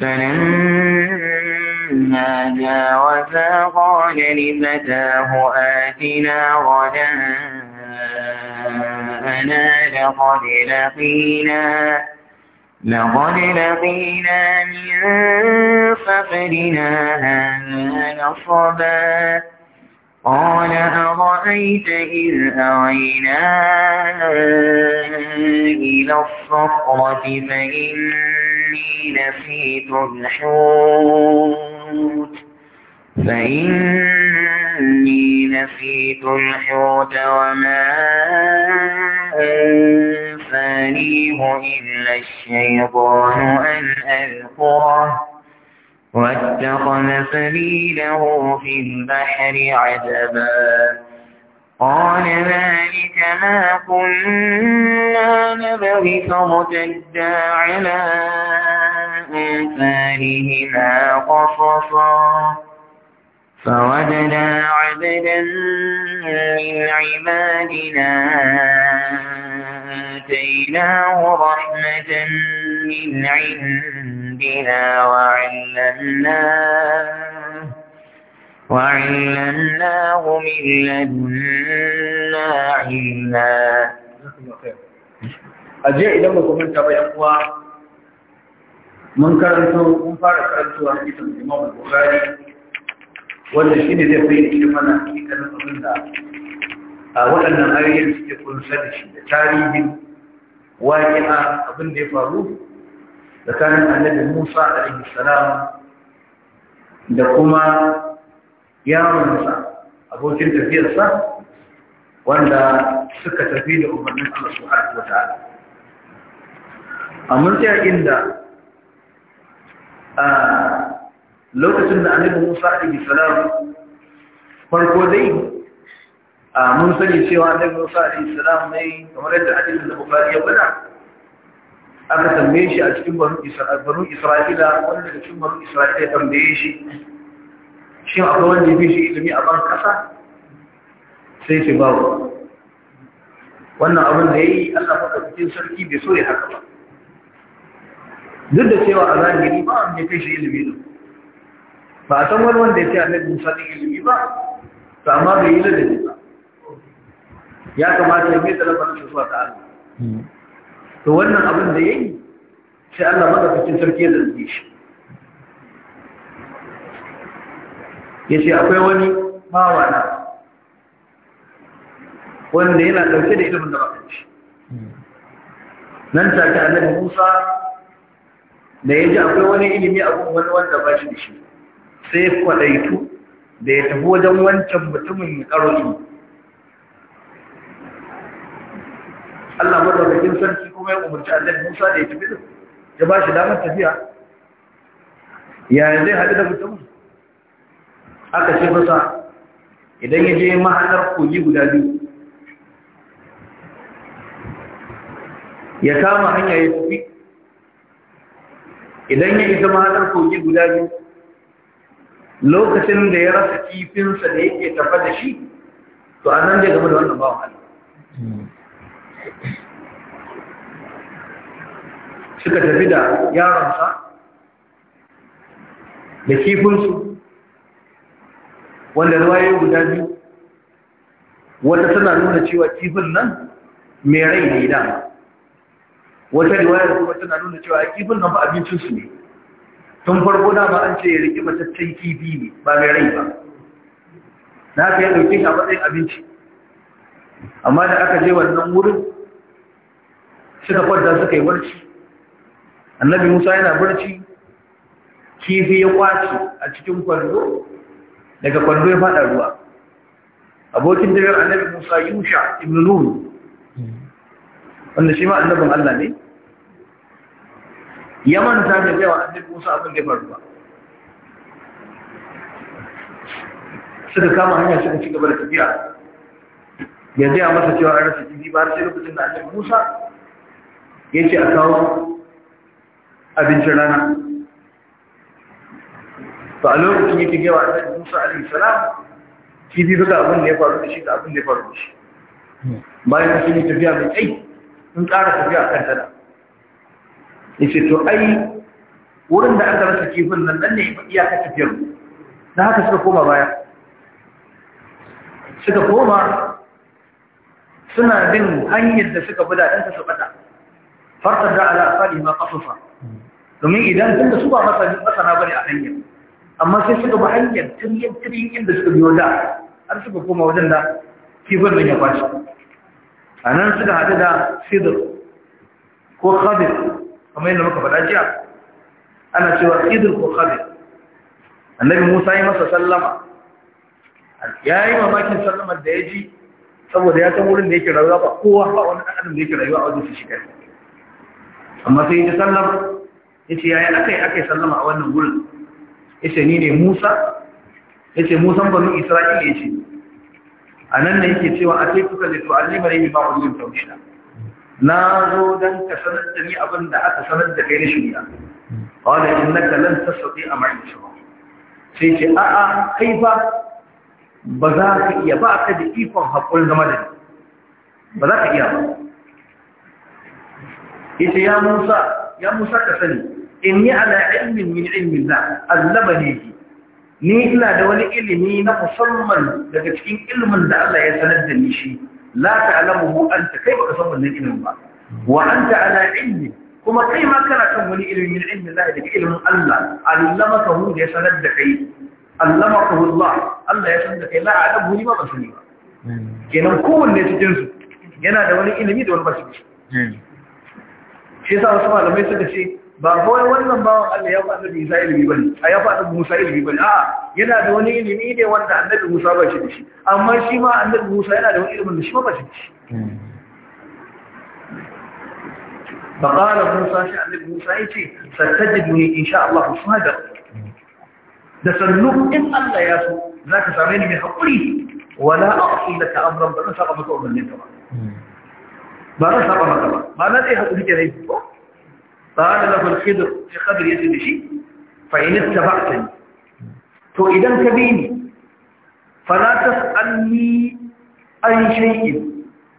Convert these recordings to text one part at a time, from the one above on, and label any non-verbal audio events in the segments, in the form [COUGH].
فلما جاوزا قال لفتاه آتنا غداءنا لقد لقينا لقد لقينا من سفرنا هذا نصبا قال أرأيت إذ أوينا إلى الصخرة فإن العالمين في الحوت فإني نسيت الحوت وما أنسانيه إلا الشيطان أن أذكره واتخذ سبيله في البحر عذبا قال ذلك ما كنا نبغي فارتدا على آثارهما قصصا فوجدا عبدا من عبادنا آتيناه رحمة من عندنا وعلمناه وعلمناه من لدنا علما aje idan ba ku manta ba yan mun karanto mun fara karanto a cikin Imam Bukhari wanda shine zai bayyana mana cikin abin da a waɗannan ayoyin suke kunsa da shi da tarihin waƙi'a abin da ya faru tsakanin Annabi Musa alaihi salam da kuma yaronsa abokin tafiyarsa wanda suka tafi da umarnin Allah subhanahu wata'ala a mun tsaya inda a lokacin da annabi Musa alaihi salam farko dai a mun sani cewa annabi Musa alaihi salam ne kamar yadda hadisin da Bukhari ya bada aka tambaye shi a cikin banu Isra'ila wanda cikin banu Isra'ila ya tambaye shi shi akwai wanda ya fi shi ilimi a ban kasa sai shi bawo wannan abin da ya yi allah faɗa cikin sarki bai so ya haka ba duk da cewa a zahiri ba a mai kai shi ilimi ne ba a san wani wanda ya fi a nan ɗin ilimi ba to amma bai yi lalata ba ya kamata ya mai talabar su zuwa ta allah hmm. to wannan abin da ya yi sai allah maɗaukakin sarki ya zarge shi ya ce akwai wani bawa na wanda yana ɗauke da ilimin da ba shi nan take annabi musa da ya ji akwai wani ilimi a wani wanda ba shi da shi sai kwadaitu da ya tafi wajen wancan mutumin karo ilimi Allah madaukakin sarki kuma ya umarci Annabi Musa da ya tafi da ya ba shi damar tafiya ya zai haɗu da mutum aka ce masa idan ya je mahaɗar kogi guda biyu ya kama hanya ya tafi idan ya isa mahaɗar kogi guda biyu lokacin da ya rasa kifinsa da yake tafa da shi to a nan zai game da wannan bawan hali suka tafi da yaransa da kifinsu wanda ruwaye guda biyu wata tana nuna cewa kifin nan mai rai ne dama wata riwayar kuma tana nuna cewa kifin nan ba abincinsu ne tun farko na ba an ce ya riƙe mataccen kifi ne ba mai rai ba na ka yi ɗauki a matsayin abinci amma da aka je wannan wurin suka kwanta suka yi barci annabi musa yana barci kifi ya kwace a cikin kwallo daga kwando ya fada ruwa abokin tafiyar annabi musa yusha ibn nun wanda shi ma annabin allah ne ya manta da wa annabi musa abin da ya faru ba suka kama hanya suka ci gaba da tafiya ya zai masa cewa an rasa jibi ba sai lokacin da annabi musa ya ce a kawo abincin rana to a lokacin yake gaya a annabi Musa alaihi salam kifi duka abin da ya faru da shi da abin da ya faru da shi bayan sun yi tafiya mai tsayi sun ƙara tafiya kan tana ya ce to ai wurin da aka rasa kifin nan nan ne iyaka tafiyar na haka suka koma baya suka koma suna bin hanyar da suka bada ɗan ta su bata farkar da ala asali ma kafafa domin idan tun da su ba masana bane a hanyar amma sai suka ba hanyar tiryan tiryan inda suka biyo da har suka koma wajen da kifin nan ya bashi a nan suka haɗu da sidr ko khabir kamar yadda muka faɗa jiya ana cewa sidr ko khabir annabi musa yi masa sallama ya yi mamakin sallamar da ya ji saboda ya san wurin da yake rayuwa ba kowa ba wani ɗan da yake rayuwa a wajen su shiga amma sai ya ji sallama ya ce ya yi aka yi aka yi sallama a wannan wurin yace ni ne Musa yace Musa banu Isra'ila yace anan ne yake cewa a sai kuka lito allima ne ba ulil tawhida na zo dan ka sanar da ni abin da aka sanar da kai na shirya qala innaka lan tastati'a ma'i sabra sai ce a a kai fa ba za ka iya ba ka da ikon hakurin zama da ni ba za ka iya ba ita ya Musa ya Musa ka sani In inni ala ilmin min ilmin na allaba ne ni ina da wani ilimi na musamman daga cikin ilimin da Allah ya sanar da ni shi la ta'lamuhu anta kai baka san wannan ilimin ba wa anta ala ilmin kuma kai ma kana kan wani ilimi min ilmin Allah daga ilimin Allah allama allamaka hu ya sanar da kai allama allamaka Allah Allah ya sanar da kai la adabu ni ma ba sani ba kenan kowanne cikin su yana da wani ilimi da wani bashi hmm. shi sa wasu malamai suka ce ba kawai wannan bawan Allah ya faɗa da Isa ilimi bane a ya faɗa Musa ilimi bane a'a yana da wani ilimi ne wanda Annabi Musa ba shi da shi amma shi ma Annabi Musa yana da wani ilimin da shi ba shi da shi Musa ya ce, موسى يتي ستجدني sha Allah الله صادق da sannu in Allah ya so za ka same ni mai haƙuri wala a wasu da ta amuran ba zan saba maka umarnin ba ba zan saba maka ba ba na zai haƙuri ke rai قال له الخضر في خضر يسد شيء فإن اتبعتني تو إذا كبيني فلا تسألني أي شيء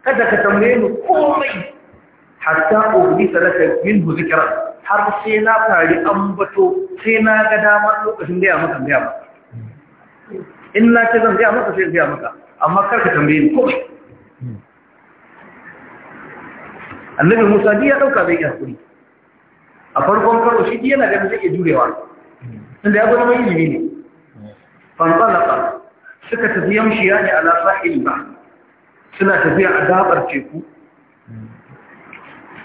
kada ka tambaye ni komai hatta uhlisa laka minhu zikra har sai na fari ambato sai na ga damar lokacin da ya maka biya ba in na ce zan biya maka sai biya maka amma kar ka tambaye ni komai annabi Musa ya dauka zai yi hakuri a farkon karo shi yana ganin zai iya jurewa inda ya zama ilimi ne fanzalaka suka tafi yamshiya ne a sahil ba suna tafiya a gabar teku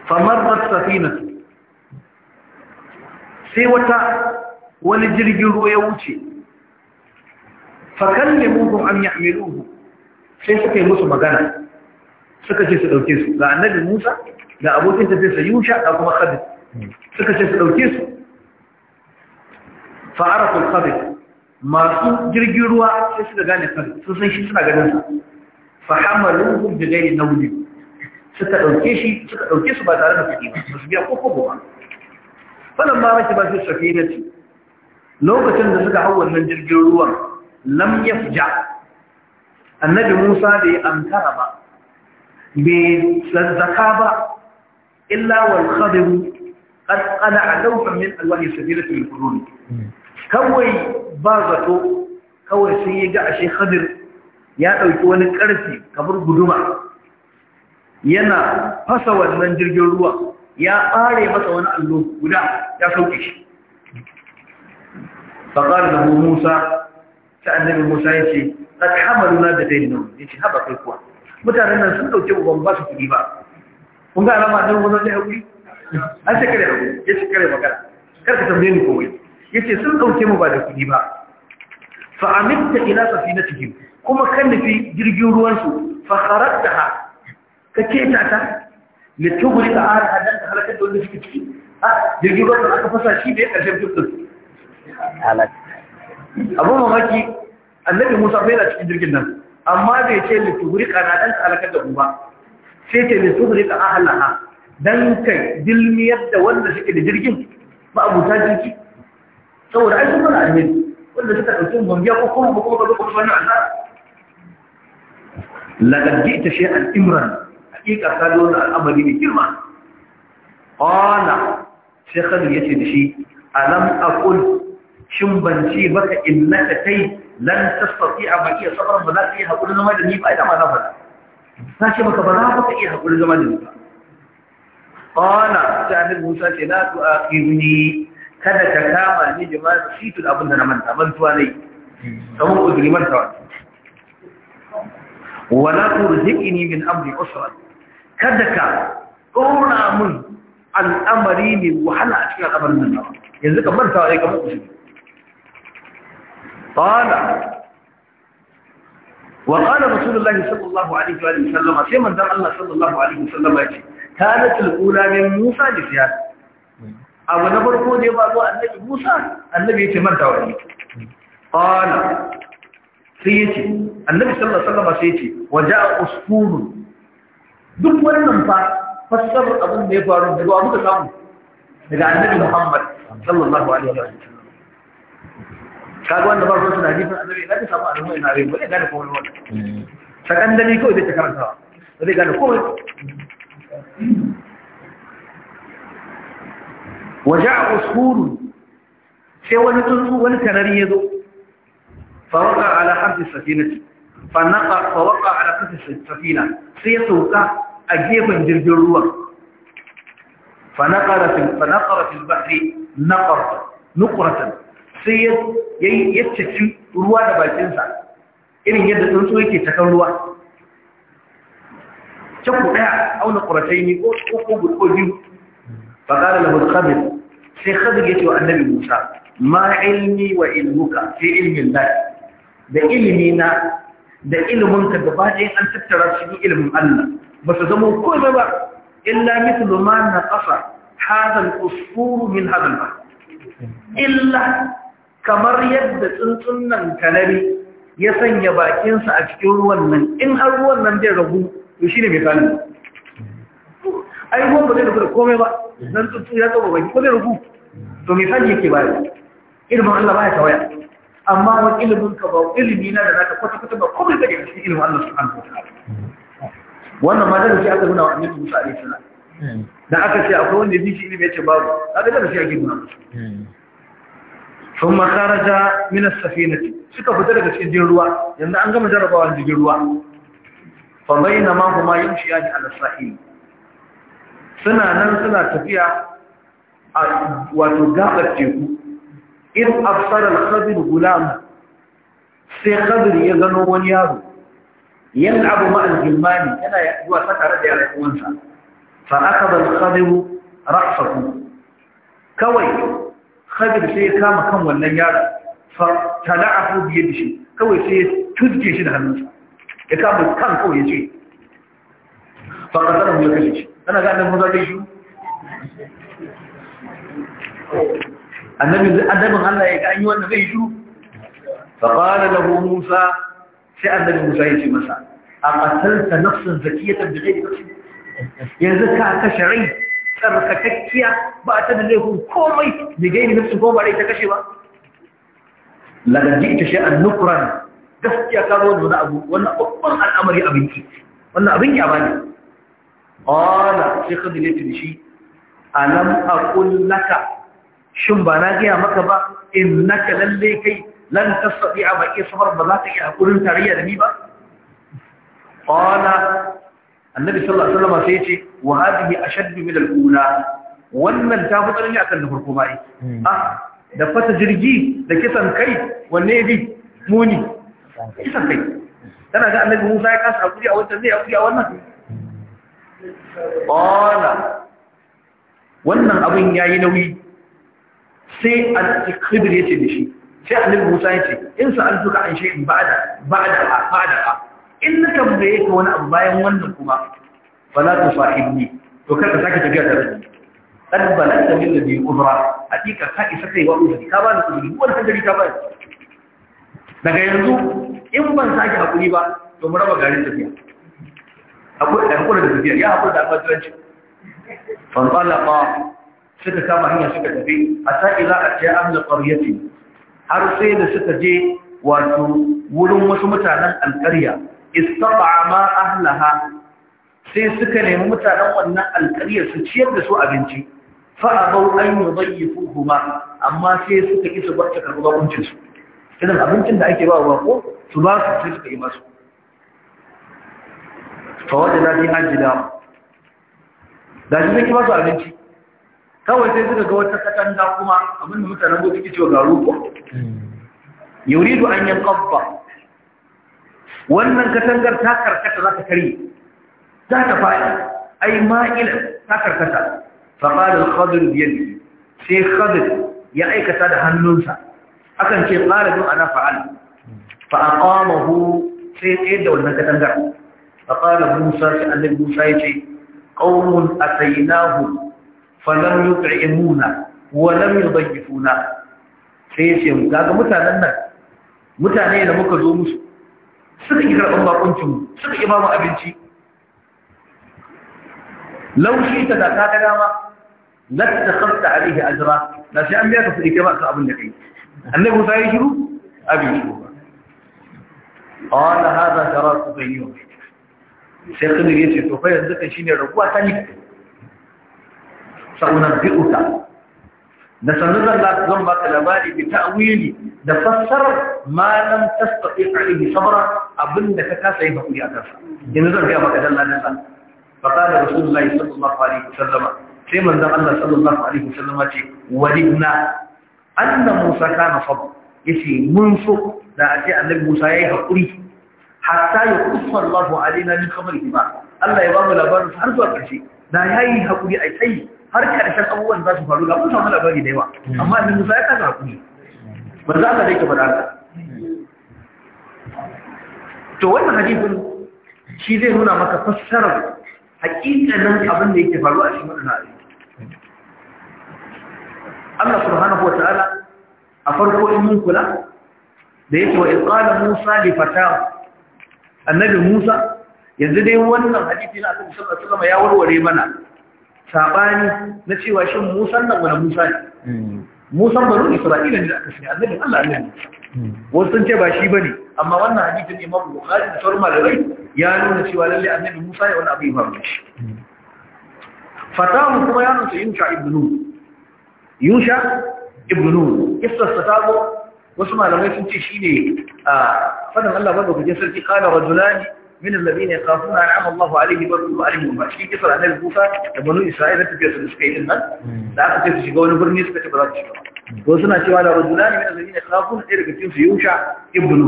famarrar safinatu sai wata wani jirgin ruwa ya wuce fakalle mugun an ya'amiluhu sai suka yi musu magana suka ce su ɗauke su ga annabi musa da abokin tafiyarsa yusha da kuma khadir suka ce su ɗauke su fa'aratul khabir masu jirgin ruwa sai suka gane khabir sun san shi suna ganin sa fa hamaluhu bi ghairi nawli suka ɗauke shi suka ɗauke su ba tare da kuɗi ba su biya ko kobo ba falan ma rake ba su safinati lokacin da suka hau wannan jirgin ruwan lam fija. annabi Musa bai amtara ba bai zazzaka ba illa wal khadir Ana قد قلع لوحا من ألوان سبيلة القرون كوي بازته kawai sai ya ga ashe khadir ya ɗauki wani ƙarfi kamar guduma yana fasa wannan jirgin ruwa ya ɓare masa wani allo guda ya sauke shi faƙar da mu musa ta annabi musa ya ce ƙad hamalu na da dai nan ya ce haɓa kai kuwa mutanen nan sun ɗauke uban ba su kuɗi ba kun ga alama nan wani zai haƙuri an ce kare rabu ya ce kare magana kar ka tambaye ni komai ya ce sun ɗauke mu ba da kuɗi ba fa aminta na safinatihim kuma kan nufi jirgin ruwansu fa kharaqtaha ka keta ta litugri ka ara hadan ka halaka da wanda suke ciki a jirgin ruwan da aka fasa shi da ya ƙarshen fitin halaka abun mamaki annabi musa bai na cikin jirgin nan amma bai ce litugri ka na dan ka halaka da ku ba sai ce litugri ka ahalaha don kai dilmiyar da wanda suke da jirgin ba abuta jirgi saboda ai kuma alheri wanda suka ɗauki bambiya ko kuma ba kuma ba kuma wani azar lagagge ta shi al'imran hakika ta zo da al'amari mai girma ƙwana shekaru ya ce da shi alam akul shin ban ce baka innaka kai lan tasfafi a baki a sabar ba za ka iya haƙuri zama da ni ba ita ma za ka ta ce baka ba za ka iya haƙuri zama da ni ba قال سيدنا موسى لا تؤاخذني كدا كما ني جما شيت الابن انا من تمام تواني سو ادري من تواني ولا ترزقني من امر عسرا كدا قولا من الامر لي وحنا اشياء قبل من يعني كمان تواني كمان قال وقال رسول الله صلى الله عليه وسلم سيما دام الله صلى الله عليه وسلم يجي كانت الأولى من موسى لزيادة أبو نبر كون Annabi النبي موسى النبي يتمنى وليه قال سيتي النبي صلى الله عليه وسلم سيتي وجاء أسطور duk wannan fa fassarar abin da ya faru da abu da samu daga annabi Muhammad sallallahu alaihi wa sallam kaga wanda ba ruwan tunani fa annabi da samu ruwa ina rai bane gane ko wani wani ko da ta karanta ba zai gane ko waje a uskuru sai wani tsuntsu wani tanari ya zo fawaka ala harfi safinati fawaka ala safina sai ya sauka a gefen jirgin ruwan fannakara fil bahri nukuratan sai ya ceci ruwa da bakinsa irin yadda tsuntsu yake cakan ruwa cakku ɗaya auna ƙuratai ne ko ko biyu fa ƙara lahu sai khabir ya ce wa annabi musa ma ilmi wa ilmuka fi ilmin lahi da ilmi da ilmin gaba ɗaya an tattara su yi ilmin allah ba su zama komai ba illa mithlu ma naqasa hadha al min hadha al illa kamar yadda tsuntsunan nan kanari ya sanya baƙinsa a cikin ruwan nan in har ruwan nan zai ragu to shine misalin ai ba zai rubu da komai ba nan tsuntsu ya tsoba baki ko zai rubu to misali yake bayar ilimin Allah baya tawaya amma wani ilimin ka ba ilimi na da naka kwata kwata ba komai da yake cikin ilimin Allah subhanahu wa ta'ala wannan ma da shi aka nuna wa annabi Musa alaihi salam da aka ce akwai wanda bi shi ilimi ce babu kaga da shi ake nuna sun makaraja minas safinati suka fita daga cikin ruwa yanzu an gama jarabawa jirgin ruwa fa bainama huma yamshiyani al sahil suna nan suna tafiya a wato gabar teku in absara al-khadir gulam sai khadir ya gano wani yaro abu ma'al jilmani yana zuwa tare da yaran uwansa fa akaba al-khadir ra'sahu kawai khadir sai ya kama kan wannan yaro fa tala'ahu bi yadihi kawai sai ya tuzge shi da hannunsa ya kama kan kawai ya ce fakasar mu ya kashe shi ana ga annabi musa zai shi annabi annabin Allah ya ga an yi wanda zai shi faqala lahu musa sai annabi musa ya ce masa a qatalta nafsan zakiyatan bighayri nafsin yanzu ka kashe rai tsarkakakkiya ba ta da laifin komai bighayri nafsin ko ba rai ta kashe ba laqad ji'ta shay'an nukran gaskiya ka zo da wani abu wannan babban al'amari abinci wannan abin ya bani qala sai khadija ta dishi alam aqul laka shin ba na gaya maka ba in innaka lalle kai lan tasbi'a a iya sabar ba za ta iya haƙurin tarayya da ni ba qala annabi sallallahu alaihi wasallam sai ya ce wa hadhihi ashadd min al-ula wannan ta fi tsanani akan da farko bai hmm. ah da fata jirgi da kisan kai wanne bi muni kai kisan kai tana ga annabi Musa ya kasa hakuri a wannan zai hakuri a wannan qala wannan abin yayi nauyi sai al-ikhbir yace da shi sai annabi Musa yace in sa'altuka an shay'in ba'da ba'da ba'da in na tambaye ka wani abu bayan wannan kuma fala tusahibni to kada ka sake tafiya da ni dan bala ta min da bi kubra hakika ka isa kai wa uzuri ka ba ni uzuri wannan hadari ka ba ni daga yanzu in ban sake haƙuri ba to mu raba garin tafiya akwai da tafiya ya haƙuri da almajiranci suka kama hanya suka tafi a sa'ila a ce an da har sai da suka je wato wurin wasu mutanen alƙarya istaba ma ahlaha sai suka nemi mutanen wannan alƙaryar su ciyar da su abinci fa abau an yudayyifuhuma amma sai suka kisa barka karɓar su irin abincin da ake ba wa bako su ba su sai suka yi masu fawar da na fi hajji da da shi zai masu abinci kawai sai suka ga wata da kuma abinda mutanen gobe suke cewa ko yuri da an yi kabba wannan katangar ta karkata za ta karye za ta a ai ma'ilar ta karkata faɗaɗin khadar biyar, sai khadar ya aikata da hannunsa akan ce ƙara zuwa ana fa'al fa'aƙamahu sai tsaye da wannan katangar a ƙara musa sai annabi musa ya ce ƙaunin a sayinahu falon yi ƙa'imuna walam yi bayyifuna sai ya ce gaga mutanen nan mutane da muka zo musu suka yi karɓar bakuncinmu suka yi mamu abinci laushi ta da ta dama na ta kasta alihi ajira na sai an biya ka fi su ikirma kan abin da kai annabi musa ya shiru abin shiru ba qala hadha sharatu bayyun sai khidir yace to fa yanzu kan shine raguwa ta ni sa'unabbi'uka da sanin Allah zan baka labari bi ta'wili da fassar ma lam tastati alayhi abinda ka kasa yi hakuri akan sa yanzu zan ga maka dalla da san fa qala rasulullahi sallallahu alaihi wasallam sai manzon Allah ce walidna anna musa kana sabr yace mun so da a ce annabi musa yi hakuri hatta ya kufa Allahu alaina min khabari ba Allah ya ba mu labarin har zuwa karshe da yi hakuri a kai har karshen abubuwan za su faru ga mun samu labari da yawa amma annabi musa ya kasa hakuri ba za ka dake faɗa haka. to wannan hadifin shi zai nuna maka fassarar hakikanin abin da yake faruwa a cikin wannan hadisi Allah subhanahu wa ta'ala a farko in kula da yake wa iqala Musa li fata annabi Musa yanzu dai wannan hadisi na Annabi sallallahu alaihi wasallam ya warware mana sabani na cewa shin Musa nan wani Musa ne hmm. Musa baro Isra'ila ne aka sani annabi Allah ne hmm. wasu sun ce ba shi bane amma wannan ne mabu, Bukhari da da rai ya nuna cewa lalle annabi Musa ya wani abu ya faru hmm. fatahu kuma ya nuna Yusha ibn Nun Yusha ibn nun kissarsa ta zo wasu malamai sun ce shi ne, a fadin Allah ba ku je sarki kana rajulani min alladhina yakhafuna an'ama Allahu alayhi wa sallam alayhi wa shi kissar annabi Musa da banu Isra'ila ta su suka yi nan hmm. da aka ce su shiga wani birni suka ce ba za su shiga ko suna cewa da rajulani min alladhina yakhafuna ɗaya daga cikin su Yusha ibn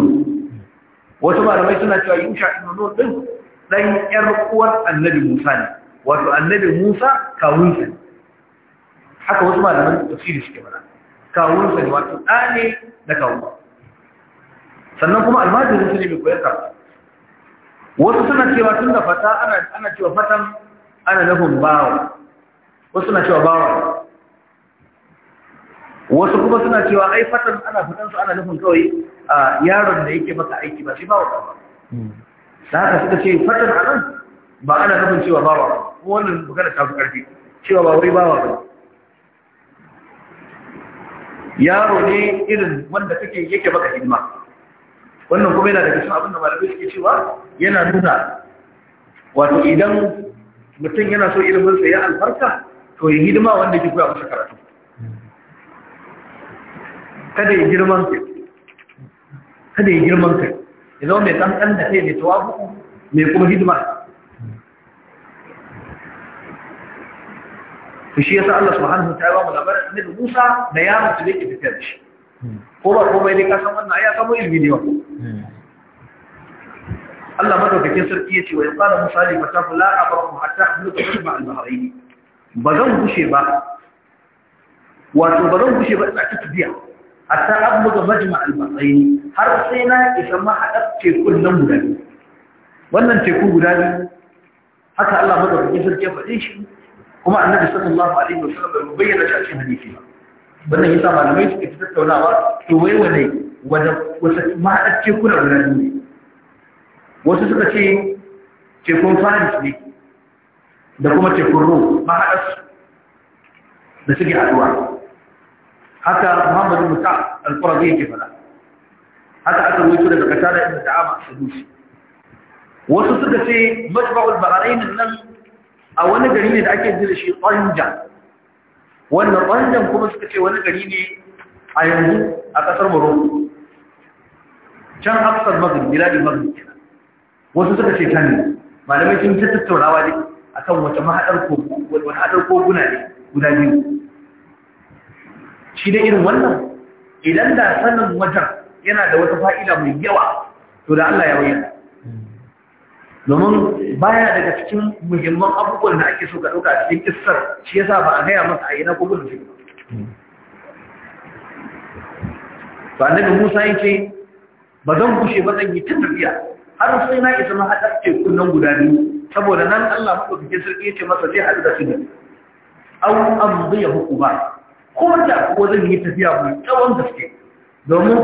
wasu malamai suna cewa Yusha ibn nun din dan yar uwar annabi Musa ne wato annabi Musa kawunsa haka wasu malaman tafsiri suke mana kawunsa ne wato ɗane da kawunsa. sannan kuma almajirin su ne mai koyar karatu wasu suna cewa tun da fata ana cewa fatan ana nufin bawa wasu suna cewa bawa wasu kuma suna cewa ai fatan ana fatan su ana nufin kawai a yaron da yake maka aiki ba shi bawa ba hmm. haka suka ce fatan a nan ba ana nufin cewa bawa ba wannan magana ta fi ƙarfi cewa ba wai bawa ba yaro ne irin wanda kake yake maka hidima wannan kuma yana daga cikin abin da malamai suke cewa yana nuna wato idan mutum yana so ilimin sa ya albarka to yi hidima wanda ke koya masa karatu kada ya girman kai kada ya girman kai ya zama mai kankan da kai mai tawabu mai kuma hidima to shi yasa Allah subhanahu wa ta'ala mu labarin annabi Musa da yaron da yake fitar da shi ko ba ko bai ka san wannan ya samu ilimi ne wa? Allah madaukakin sarki yace wa qala Musa li fatahu la abrahu hatta ahluka shibba al-bahrayn bazan gushe ba wato bazan gushe ba ina tafiya hatta abluga majma al-bahrayn har sai na isa mahadar tekun nan guda wannan teku guda ne haka Allah madaukakin sarki ya faɗe shi kuma annabi sallallahu alaihi wasallam bayyana shi a cikin hadisi wannan yasa malamai suke tattaunawa to wai wane wanda wasu ma wata ma'adar tekuna guda ne wasu suka ce ce kun fara ne da kuma ce kun ru tekun a ma'adarsu da suke haduwa haka Muhammad muhammadu musa alkurabi yake fada haka aka rubuto daga kasara inda ta'ama a wasu suka ce majma'ul bahrain nan a wani gari ne da ake ji da shi ƙwanjan wanda ƙwanjan kuma suka ce wani gari ne a yanzu a ƙasar morocco can hafsar maghrib biladin maghrib kenan wasu suka ce can malamai sun ta tattaunawa ne a kan wata mahaɗar mahaɗar koguna ne guda biyu shi da irin wannan idan da sanin wajen yana da wata fa'ida mai yawa to da Allah ya wayar domin baya daga cikin muhimman abubuwan da ake so ka ɗauka a cikin kissar shi yasa ba a gaya masa a yi na kogon shi ba annabi musa yake ba zan kushe ba zan yi tun tafiya har sai na isa haɗar tekun nan guda biyu saboda nan allah maɗaukakin sarki ya ce masa zai haɗu da su ne an amziya ba, ko da kuwa zan yi tafiya mai tsawon gaske domin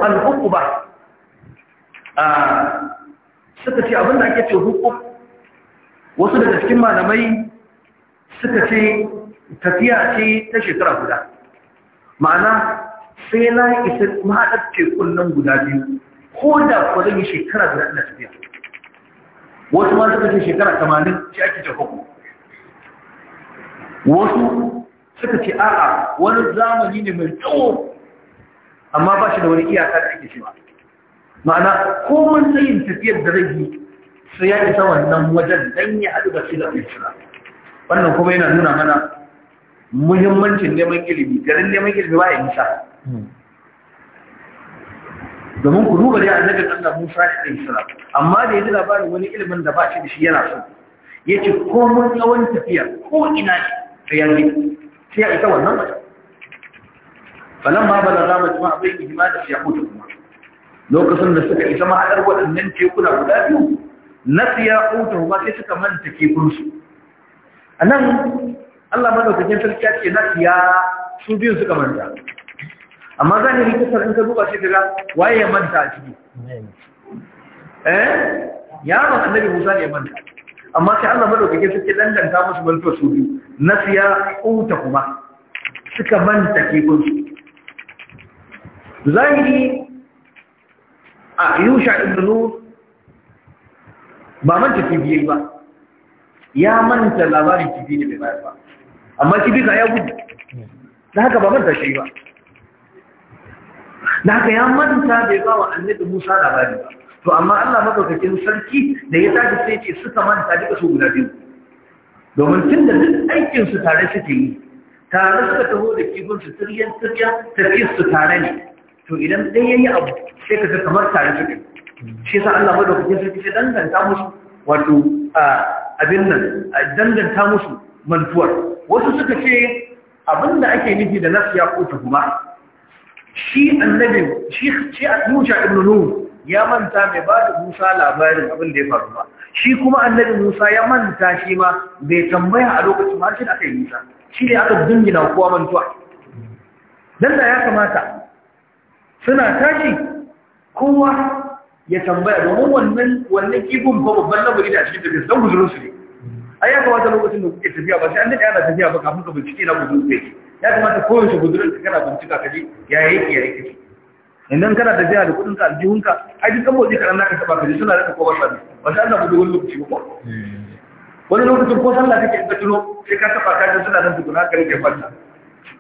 suka ce abinda ake ce hukum wasu daga cikin malamai suka ce tafiya ce ta shekara guda ma'ana sai na isa mahaɗar tekun nan guda biyu ko da kuwa zai shekara guda ina tafiya wasu ma suka ce shekara tamanin shi ake ce hukum wasu suka ce a'a wani zamani ne mai tsawo amma ba shi da wani iyaka da ake ba. ma'ana komin tsayin tafiyar da rage sai ya isa wannan wajen don ya haɗu da shi da fitira wannan kuma yana nuna mana muhimmancin neman ilimi garin neman ilimi ba ya nisa hmm. domin ku duba dai annabin Allah Musa ya ɗan sura amma da yaji labarin wani ilimin da ba shi da shi yana so yace ko mun tsawon tafiya ko ina ne ta yanzu sai ya isa wannan wajen falamma balagha majma'a bainihima da yahudu kuma lokacin da suka isa ma'adar waɗannan tekuna guda biyu na siya ƙuta kuma sai suka manta kekunsu a nan allah madaukakin sarki ya ce na siya su biyun suka manta amma ne kasar in ka duba shi daga waye ya manta a ciki eh yaron annabi musa ne ya manta amma sai allah madaukakin sarki danganta musu mantuwa su biyu na siya ƙuta kuma suka manta kekunsu zahiri a yusha ibn nur ba manta kibiye ba ya manta labarin kibiye ne mai bayar ba amma kibiye ka ya gudu na haka ba manta shi ba na haka ya manta bai ba wa annabi musa labari ba to amma allah madaukakin sarki da ya tafi sai ce suka manta duka su guda biyu domin tun da duk aikinsu tare suke yi tare suka taho da kibinsu tiryan tirya tafiyarsu tare ne to idan ɗaya yayi abu sai ka ga kamar tare su ɗin shi sa Allah madaukakin sarki sai danganta musu wato abin nan danganta musu mantuwar wasu suka ce abinda ake nufi da nasiya ko tuhuma shi annabi shi shi Musa ibn Nuh ya manta mai ba da Musa labarin abin da ya faru ba shi kuma annabi Musa ya manta shi ma bai tambaya a lokacin har shi da aka yi Musa shi ne aka dingina kowa mantuwa dan da ya kamata suna tashi kowa ya tambaya domin wannan wannan kifin ko babban lamari da a cikin tafiya san guzurin su ne ai ya kamata lokacin da kuke tafiya ba sai an daɗe ana tafiya ba kafin ka bincike na guzurin su yake ya kamata kowace guzurin ka kana bincika ka ya yake ya yake idan kana tafiya da kudin ka aljihunka ai duk abubuwa karan naka taba ka ji suna rika ko ba ba sai an gudu wani lokaci ba wani lokacin ko sallah kake ka tuno sai ka taɓa ka suna nan tukuna kare ke falla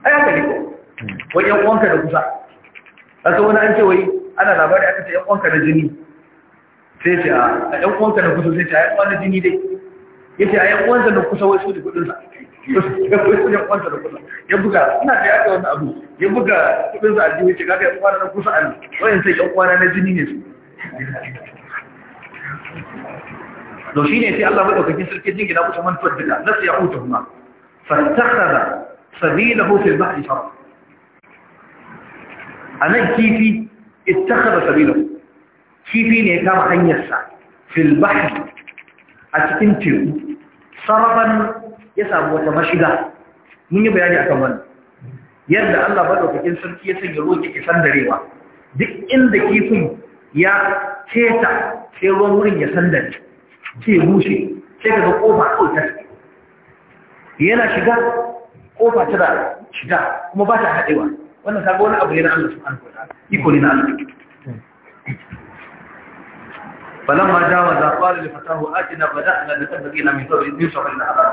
ai haka ne ko wani yan uwanka da kusa aka wani an ce wai ana labari aka ce 'yan uwanka na jini sai ce a 'yan uwanka na kusa sai ce a 'yan uwan na jini dai ya ce a 'yan uwansa na kusa wai su da kudinsa ya buga ina da ya aka wani abu ya buga kudinsa a jini ce kaga 'yan uwana na kusa a wayan sai 'yan uwana na jini ne su to shi ne sai Allah madaukakin sarki jingina kusa mantuwar duka na nasu ya huta kuma fattakhadha sabilahu a yi sharaf a nan kifi da sabilahu kifi ne ya kama hanyarsa fil bahri a cikin teku sarafan ya samu wata mashiga mun yi bayani akan wannan yadda Allah madaukakin sarki ya sanya ruwa ke sandarewa duk inda kifin ya keta sai ruwan wurin ya sandare sai ya bushe sai ka ga kofa kawai ta yana shiga kofa da shiga kuma ba ta haɗewa wannan kaga wani abu ne na Allah subhanahu wataala iko ne na Allah falamma jawaza qala li fatahu atina bada'na bi tabqina min sabri bi sabri na Allah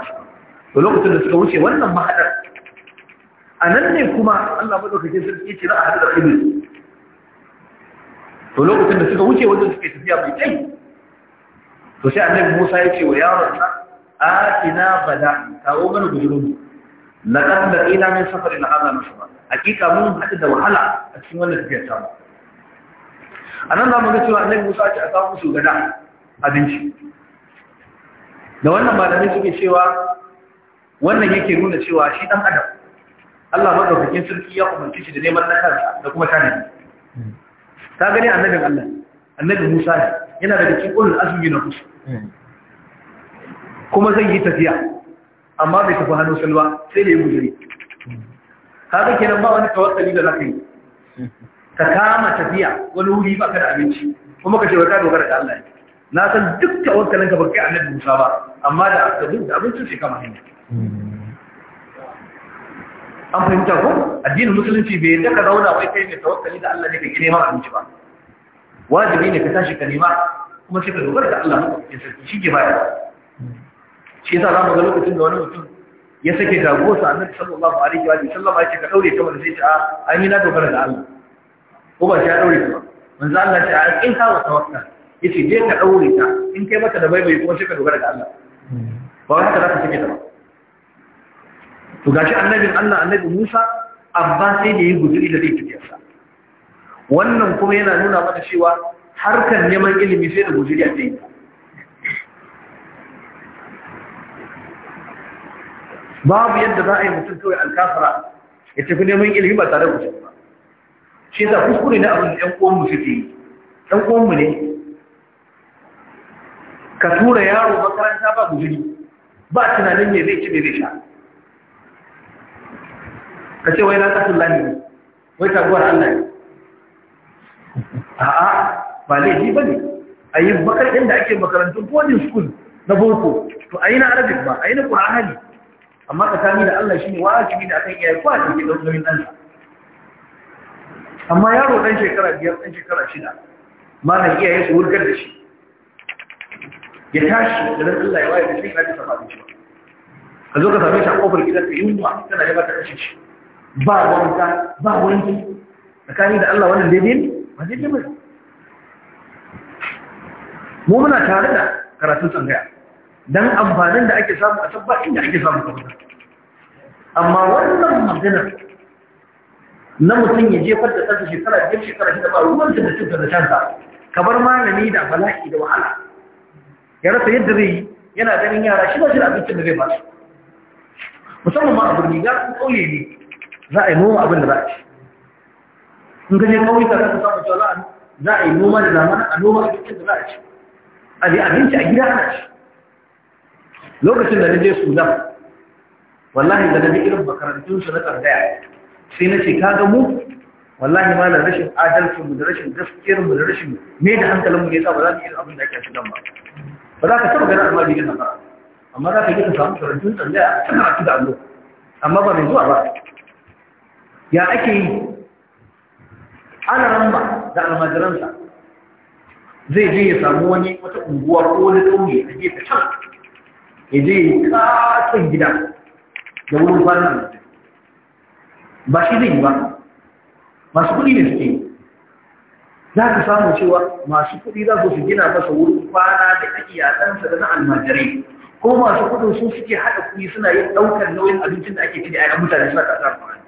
to lokacin da suka wuce wannan mahadar anan ne kuma Allah madaukake sun yi kira a hadar Iblis to lokacin da suka wuce wajen suke tafiya mai kai to sai Musa ya ce wa yaron sa atina bada'na kawo mana bujuru laqad na min safarin ba. A hakika mun haɗu da wahala a cikin wannan tafiyar ta nan da mun ga cewa annabi Musa ce a samu shugaba abinci da wannan malamai suke cewa wannan yake nuna cewa shi dan adam Allah madaukakin sarki ya umarci shi da neman nasara da kuma tanadi ka gani annabin Allah annabi Musa yana daga cikin ulul azmi na kusa. kuma zai yi tafiya amma bai tafi hannun salwa sai da ya guzuri ga kenan ba wani tawassali da zaka yi ka kama tafiya wani wuri ba ka da abinci kuma ka ce wata dogara da Allah na san duk tawassalin ka ba kai annabi Musa ba amma da abin da abincin sai kama hanya an fahimta ko addinin musulunci bai yadda ka zauna wai kai mai tawakkali da Allah ne ka kire ma abinci ba wajibi ne ka tashi ka nema kuma sai ka dogara da Allah mutum sarki shi ke bayar shi yasa mu ga lokacin da wani mutum ya sake gago sa annabi sallallahu alaihi wa sallam ya ce ka daure kamar sai ta an ah, na dogara da Allah ko ba ta daure ba manzo Allah ta ah, in ka wa tawakkal yace je ka daure ta in kai mata da baibai kuma sai ka dogara da Allah ba wani haka zaka sake ta ba to gashi annabi Allah annabi Musa amma sai da yi guduri da zai tafiya sa wannan kuma yana nuna mana cewa harkar neman ilimi sai da guduri a cikin babu yadda za a yi mutum kawai alkafara ya tafi neman ilimi ba tare da ba shi yasa kuskure na abin da ƴan uwanmu suke yi ɗan uwanmu ne ka tura yaro makaranta ba guzuri ba tunanin mai zai ci mai zai sha ka ce wai na kasin lani ne wai taguwar Allah ne a'a ba laifi ba ne a yi bakar da ake makarantun boarding school na boko to a yi na arabic ba a yi na ƙur'ani amma tsakani da Allah shi shine wajibi da akan iyaye ko a cikin daukarin nan amma yaro ɗan shekara biyar ɗan shekara shida malam iyaye su wurgar da shi ya tashi da ran Allah ya waye da shi kaji sama da shi ka zo ka same shi a ƙofar gidan ka yunwa tana yaba ta kashe shi ba wanka ba wanki tsakani da Allah wannan daidai ne ba zai ba mu muna tare da karatun tsangaya don amfanin da ake samu a sabba inda ake samu a amma wannan magana na mutum ya jefar da ɗansa shekara biyar shekara da ba ruwan da mutum da shansa kamar malami da bala'i da wahala ya rasa yadda zai yi yana ganin yara shi ba shi da abincin da zai ba su musamman ma a birni ga su ne za a yi noma abin da za a ci in ka je kauye ka kasa samun cewa za a yi noma da zamana a noma abincin da za a ci a abinci a gida ana ci lokacin da na je sudan wallahi da na bi irin makarantun su na tsardaya sai na ce kaga mu wallahi ma da rashin adalci mu da rashin gaskiyar mu da rashin ne da hankalin mu ne sa ba za mu yi abin da ake sudan ba ba za ka taba gani amma bigin nan ba amma za ka yi ka samu karantun tsardaya cikin karatu da allo amma ba mai zuwa ba ya ake yi ana ramba da almajiransa zai je ya samu wani wata unguwa ko wani ƙauye a gefe can ya je gida da wurin kwanan ba shi zai yi ba masu kuɗi ne suke za ka samu cewa masu kuɗi za su gina masa wurin kwana da yadansa da na almajirai ko masu kuɗin sun suke haɗa kuɗi suna yin ɗaukar nauyin abincin da ake ciki a yaran mutane suna ƙasar kwana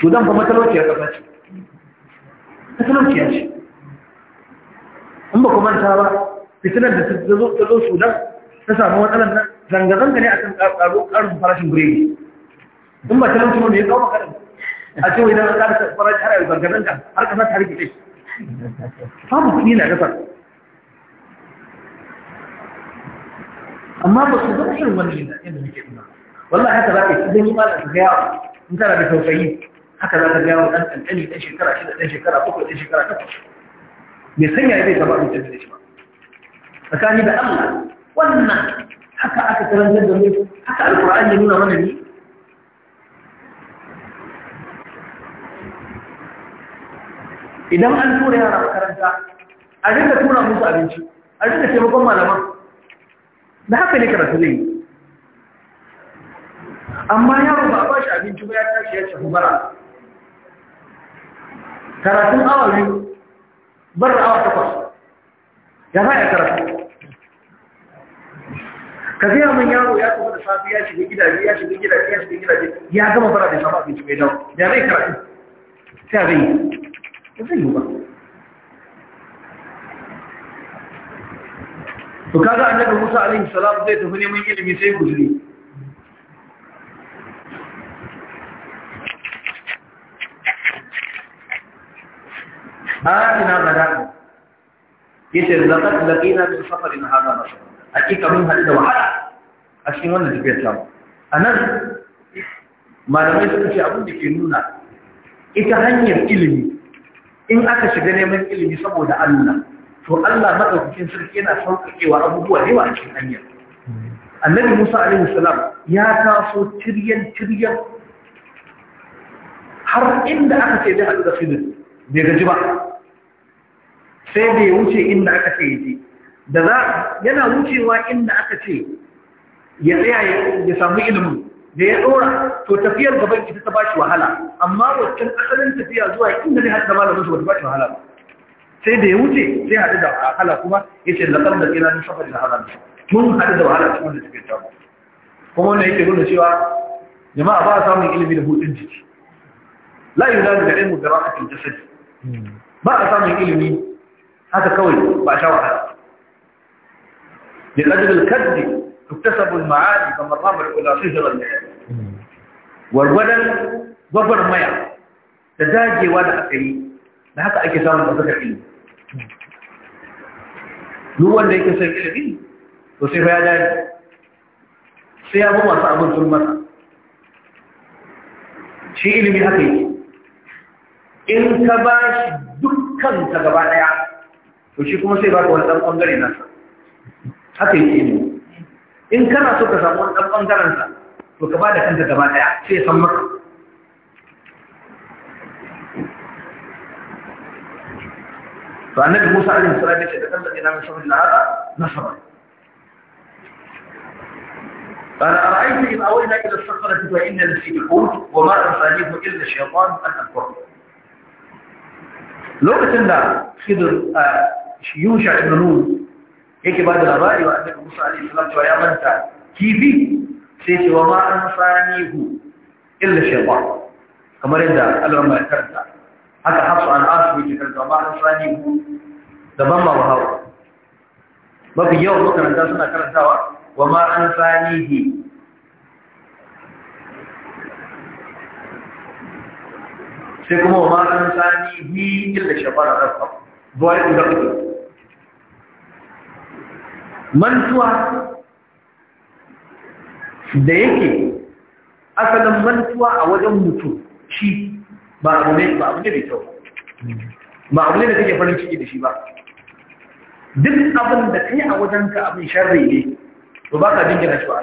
sudan kuma ya ƙasa ce ya ce in ba kuma ta ba fitinar da ta zo sudan ta samu matsalar nan zanga-zanga ne a kan ƙaro ƙarin farashin biredi in ba talauci ba mai ya kawo makarar a cewa idan an ƙara farashin har yau zanga-zanga har ƙasa ta rikice babu kuɗi na ƙasar amma ba su zama irin wani yin yadda muke nuna wallahi haka za ka yi gani ma da su gaya in kana da tausayi haka za ka gaya wa ɗan ɗanɗani ɗan shekara shida ɗan shekara bakwai ɗan shekara takwas bai sanya zai taɓa abin da shi ba tsakani da Allah wannan haka aka karantar da mu haka alƙur'ani ya nuna mana ne idan an tura yara makaranta a rinka tura musu abinci a rinka taimakon malaman da haka ne karatu zai yi amma yaro ba a ba shi abinci ba ya tashi ya ce hubara karatun awa biyu bar awa takwas ya za a karatu ka gaya min yaro ya tafi da safi ya shiga gidaje ya shiga gidaje ya shiga gidaje ya gama fara da samu abinci mai dawo ya zai karatu sai a zai yi ba zai yi ba to kaga daga Musa alaihi salam zai tafi neman ilimi sai guzuri آتنا بلاغ يتر لقد لقينا من سفرنا هذا نصبا hakika mun haɗu da wahala a cikin wannan tafiyar tamu a nan malamai suka ce abin da ke nuna ita hanyar ilimi in aka shiga neman ilimi saboda Allah to Allah maɗaukakin sarki yana sauƙaƙewa abubuwa ne a cikin hanyar annabi Musa alaihi salam ya taso tiryan tiryan har inda aka ce zai haɗu da Khidir bai gaji ba sai bai ya wuce inda aka ce ya da za yana wucewa inda aka ce ya tsaya ya samu ilimin da ya dora to tafiyar gaban ita ta bashi wahala amma waccan asalin tafiya zuwa inda zai haɗa malamin su ba ta bashi wahala ba sai da ya wuce sai haɗu da wahala kuma ya ce na laƙar da tsira nisa fari da halar mun haɗu da wahala cikin da suke tamu kuma wannan yake nuna cewa jama'a ba a samun ilimi da hutun jiki la yi zanen da ilmu da ra'akin jasadi hmm. ba a samun ilimi haka kawai ba a sha wahala لأجل الكد تكتسب المعالي فمن رمع إلى شجرة والولد ظفر ميع تزاجي ولا أكري ما هكا أكي سامن أفكر إلي هو اللي يكسر إلي وصيف يا داري سيابو ما سأبون ظلمتها شيء اللي haka yake in ka ba shi dukkan ta gaba daya haka yake ne in kana so ka samu wani ɗan ɓangaren sa to ka ba da kanta gaba ɗaya sai san maka to annabi Musa alaihi salam ya ce da kallon ina mai shafin lahara nasara قال أرأيت إذ أولنا إلى الصخرة فإن نسيت الحوت وما أرسليه إلا الشيطان أن أذكره لو قلت لنا خضر يوشع بن نون yake ba da labari wa annabi Musa alaihi salam cewa ya manta kifi sai ce wa ma an sanihu illa shaytan kamar yadda Allah ya karanta haka hafsu an asu yake karanta ma an sanihu da ban ma wahawa mafi yawan makaranta suna karantawa wa ma an sanihi sai kuma wa ma an sanihi illa shaytan rafa zuwa yadda kuke mantuwa da yake asalin mantuwa a wajen mutum shi ba abu ne ba abu ne da kyau ba abu ne da kake farin ciki da shi ba duk abin da kai a wajen ka abin sharri ne ba ba ka jingina shi ba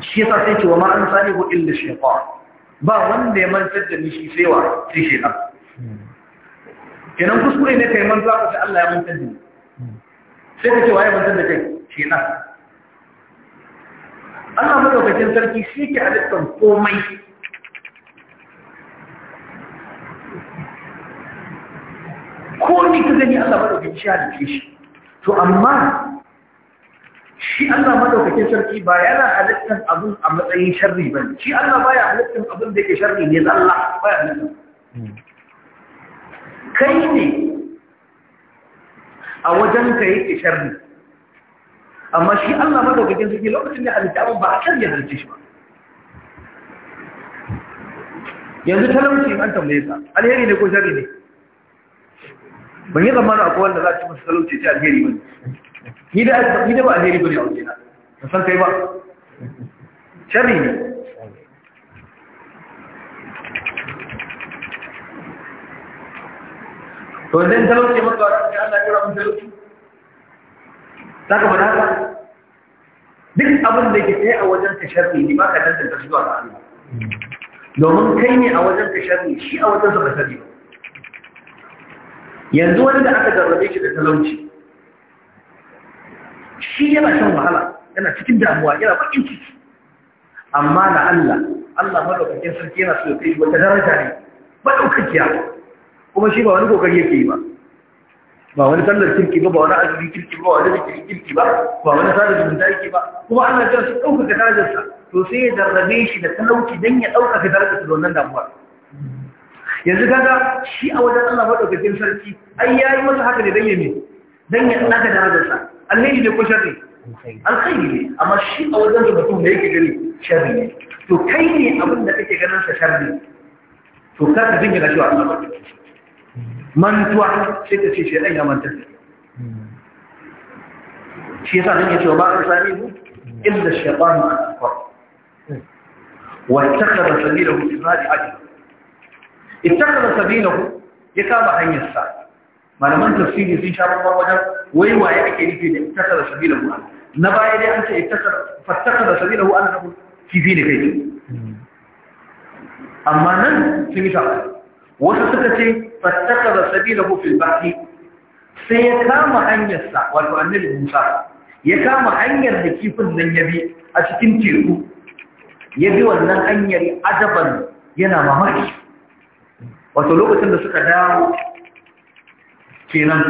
shi yasa sai cewa ma an sani ko illa shaytan ba wanda ya mantar da ni shi sai wa sai shaytan kenan kuskure ne yi mantuwa ka sai Allah ya mantar da ni sai ka ce waye mutum da kai shi nan Allah madaukakin sarki shi ke halittar komai ko ni ka gani Allah madaukakin shi halitta shi to amma shi Allah madaukakin sarki ba yana halittar abin a matsayin sharri ba shi Allah ba ya halittar abin da ke sharri ne zalla ba ya halittar hmm. kai ne a wajen ka yake sharri amma shi Allah madaukakin suke lokacin da halitta abin ba a sharri halitta shi ba yanzu talauci an tambaye ka alheri ne ko sharri ne ban yi zamanin akwai wanda za a ci masu talauci ce alheri ba ni da ba alheri ba ne a wajena ba san kai ba sharri ne to dan talauci maka wata sai Allah ya rura mun talauci za ka faɗa haka duk abin da ke kai a wajen ka sharri ne ba ka tantance zuwa ga Allah domin kai ne a wajen ka sharri shi a wajen sa ba sharri yanzu wanda aka garrabe shi da talauci shi yana shan wahala yana cikin damuwa yana bakin ciki amma da Allah Allah madaukakin sarki yana so ya kai wata daraja ne madaukakiya kuma shi ba wani kokari yake yi ba ba wani sallar kirki ba ba wani azumi kirki ba wani zikiri kirki ba ba wani sada zumunta yake ba kuma Allah ya su ɗaukaka darajarsa to sai ya darrabe shi da talauci don ya ɗaukaka darajarsa da wannan damuwar yanzu kaga shi a wajen Allah madaukakin sarki ai yayi masa haka ne dan ne dan ya tsaka darajarsa alheri ne ko sharri alheri ne amma shi a wajen su mutum da yake gani sharri ne to kai ne abin da kake ganin sa sharri to ka ka dinga cewa Allah madaukakin mantuwa sai ta ce Shi ya manta da shi yasa nake cewa ba a sami mu illa shaytan ma akbar wa ittakhadha sabilahu fi dhati ajr ittakhadha hu ya kama hanyar sa malaman tafsiri sun sha babban wajen wai waye ake nufi da ittakhadha hu. na baya dai an ce da fattakhadha hu an nabu kifi ne kai hmm. amma nan sun yi sabani wasu suka ce da sabilahu fil bahri sai ya kama hanyarsa wato annabi Musa ya kama hanyar da kifin nan ya bi a cikin teku ya bi wannan hanyar adaban yana mamaki wato lokacin da suka dawo kenan